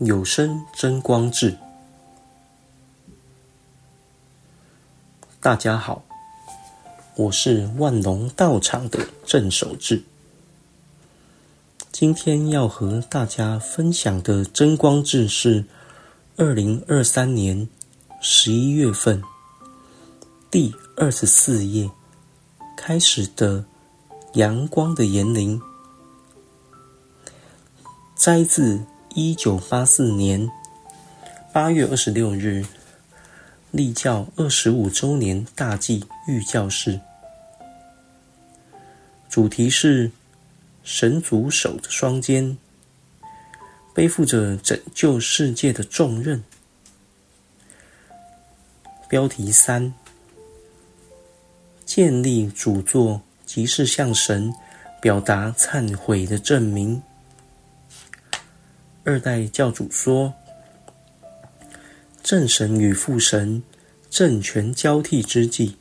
有聲真光誌，大家好，我是萬隆道場的鄭守志，今天要和大家分享的真光誌是二零二三年十一月份第二十四頁開始的《陽光的言靈》，摘自。一九八四年八月二十六日，立教二十五週年大祭御教示，主題是神主手着雙肩，背負着拯救世界的重任。標題三：建立主座，即是向神表達懺悔的證明。二代教主說：“正神與父神政權交替之際，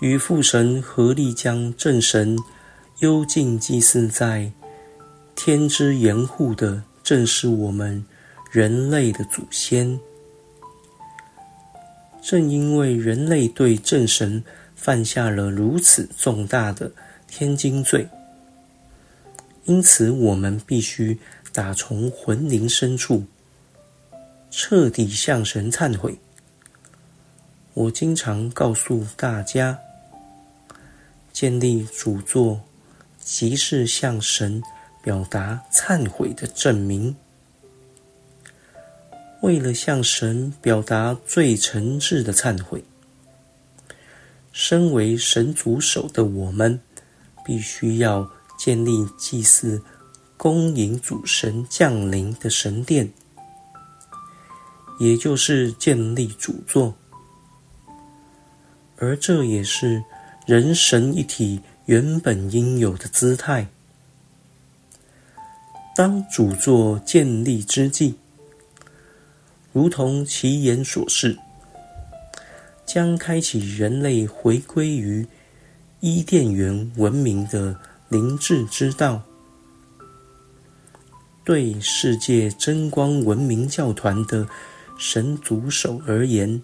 與父神合力將正神幽禁祭祀在天之岩戶的，正是我們人類的祖先。正因為人類對正神犯下了如此重大的天經罪，因此我們必須。”打從魂靈深處徹底向神懺悔。我經常告訴大家，建立主座即是向神表達懺悔的證明。為了向神表達最誠摯的懺悔，身為神組手的我們，必須要建立祭祀。恭迎主神降臨的神殿，也就是建立主座，而這也是人神一體原本應有的姿態。當主座建立之際，如同其言所示，將開啟人類回歸於伊甸園文明的靈智之道。對世界真光文明教團的神組手而言，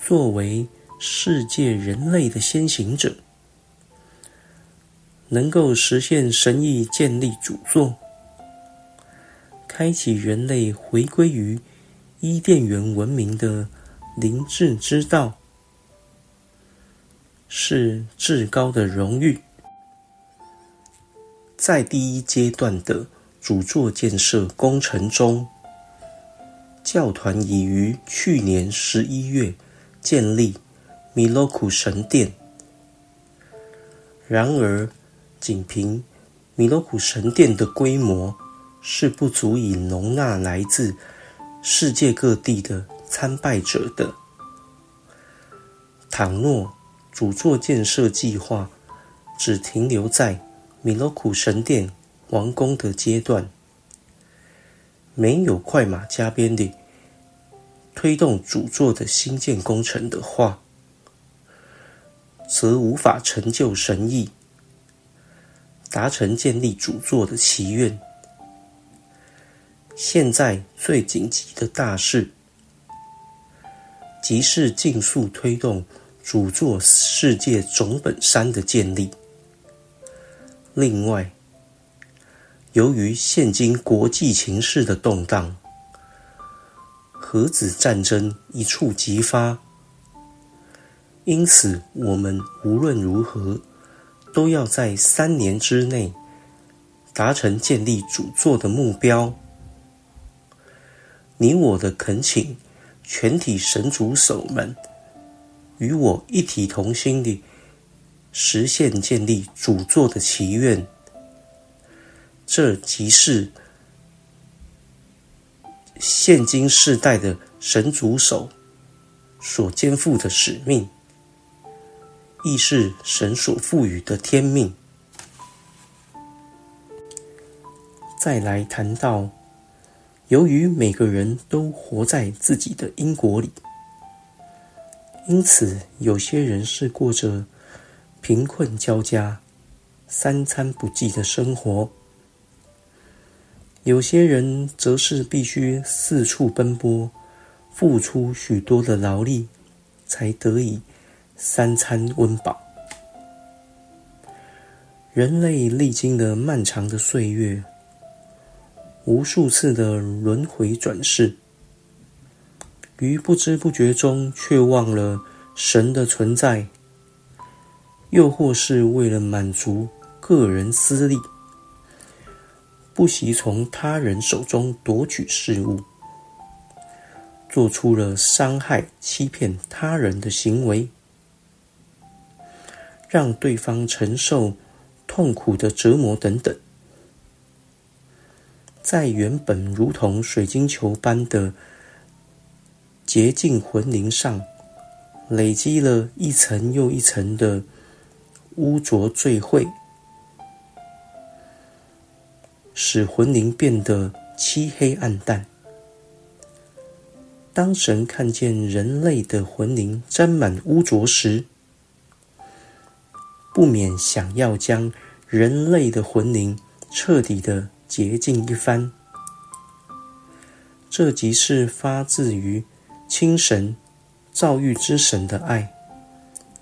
作為世界人類的先行者，能夠實現神意、建立主座、開啟人類回歸於伊甸園文明的靈智之道，是至高的榮譽。在第一階段的主座建設工程中，教團已於去年十一月建立米洛庫神殿。然而，僅憑米洛庫神殿的規模是不足以容納來自世界各地的參拜者的。倘若主座建設計劃只停留在……米洛庫神殿完工的階段，沒有快馬加鞭地推動主座的新建工程的話，則無法成就神意，達成建立主座的祈願。現在最緊急的大事，即是盡速推動主座世界總本山的建立。另外，由於現今國際情勢的動盪，核子戰爭一觸即發，因此我們無論如何都要在三年之內達成建立主座的目標。你我的懇請，全體神組手們與我一體同心地。實現建立主座的祈願，這即是現今世代的神主手所肩負的使命，亦是神所賦予的天命。再來談到，由於每個人都活在自己的因果裡，因此有些人是過着。貧困交加、三餐不繼的生活，有些人則是必須四處奔波，付出許多的勞力，才得以三餐溫飽。人類歷經了漫長的歲月，無數次的輪回轉世，於不知不覺中卻忘了神的存在。又或是為了滿足個人私利，不惜從他人手中奪取事物，做出了傷害、欺騙他人的行為，讓對方承受痛苦的折磨等等。在原本如同水晶球般的潔淨魂靈上，累積了一層又一層的污濁罪穢，使魂靈變得漆黑暗淡。當神看見人類的魂靈沾滿污濁時，不免想要將人類的魂靈徹底的潔淨一番。這即是發自於親神造育之神的愛，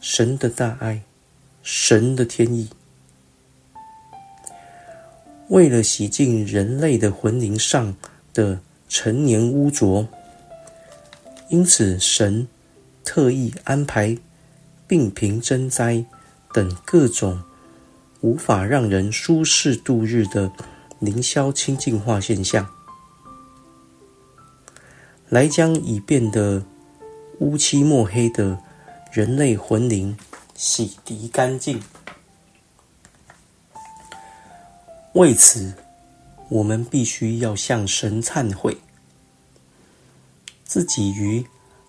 神的大愛。神的天意，為了洗淨人類的魂靈上的陳年污濁，因此神特意安排病、貧、爭、災等各種無法讓人舒適度日的靈消清淨化現象，來將已變得烏漆墨黑的人類魂靈洗滌乾淨。為此，我們必須要向神懺悔自己於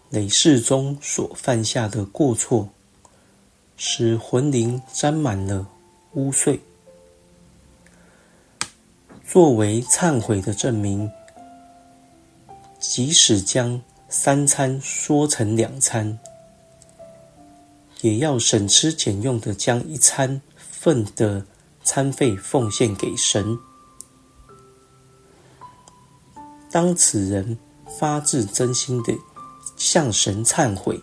累世中所犯下的過錯，使魂靈沾滿了污穢。作為懺悔的證明，即使將三餐說成兩餐。也要省吃儉用的將一餐份的餐費奉獻給神。當此人發自真心的向神懺悔，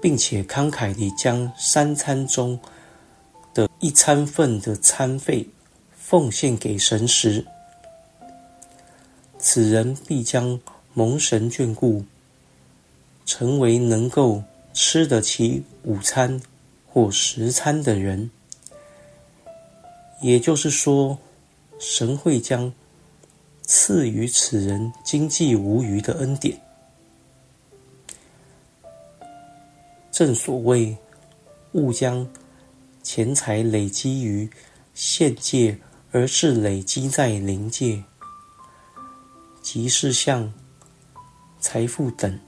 並且慷慨地將三餐中的一餐份的餐費奉獻給神時，此人必將蒙神眷顧，成為能夠吃得起午餐或食餐的人，也就是說，神會將賜予此人經濟無虞的恩典。正所謂，勿將錢財累積於現界，而是累積在靈界，即是像財富等。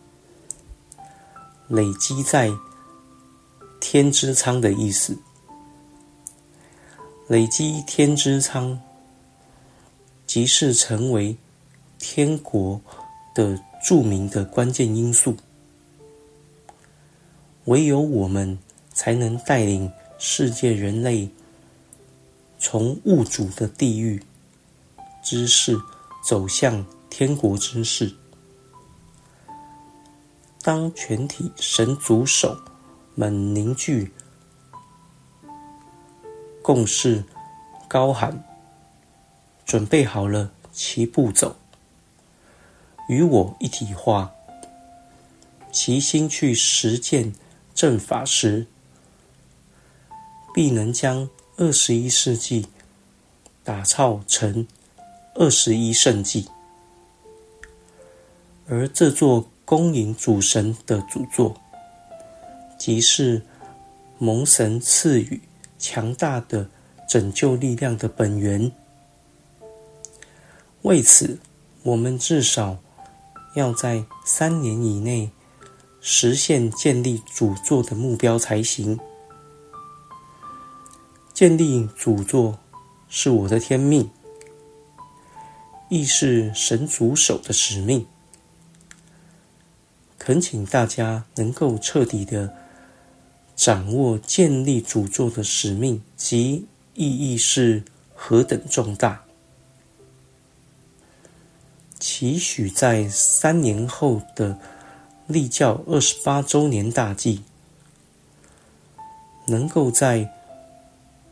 累積在天之倉的意思，累積天之倉，即是成為天國的著名的關鍵因素。唯有我們才能帶領世界人類從物主的地獄之勢走向天國之勢。當全體神組手們，凝聚、共事、高喊，準備好了，齊步走，與我一體化，齊心去實踐正法時，必能將二十一世紀打造成二十一聖紀，而這座。恭迎主神的主座，即是蒙神賜予強大的拯救力量的本源。為此，我們至少要在三年以內實現建立主座的目標才行。建立主座是我的天命，亦是神組手的使命。懇請大家能夠徹底的掌握建立主座的使命及意義是何等重大，期許在三年後的立教二十八週年大祭，能夠在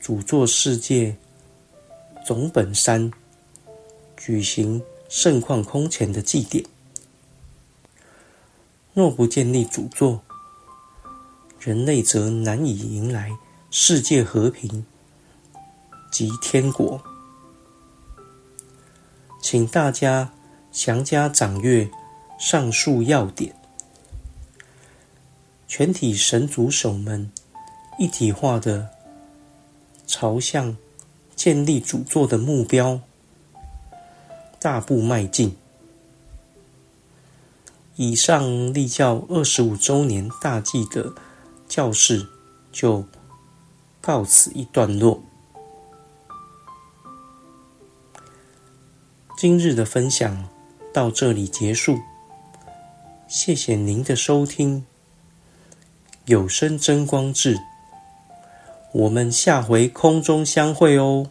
主座世界總本山舉行盛況空前的祭典。若不建立主座，人類則難以迎來世界和平及天國。請大家詳加掌閱上述要點，全體神組手們一體化的朝向建立主座的目標大步邁進。以上立教二十五周年大祭的教室就告此一段落。今日的分享到這裡結束，謝謝您的收聽。有聲真光誌，我們下回空中相會哦。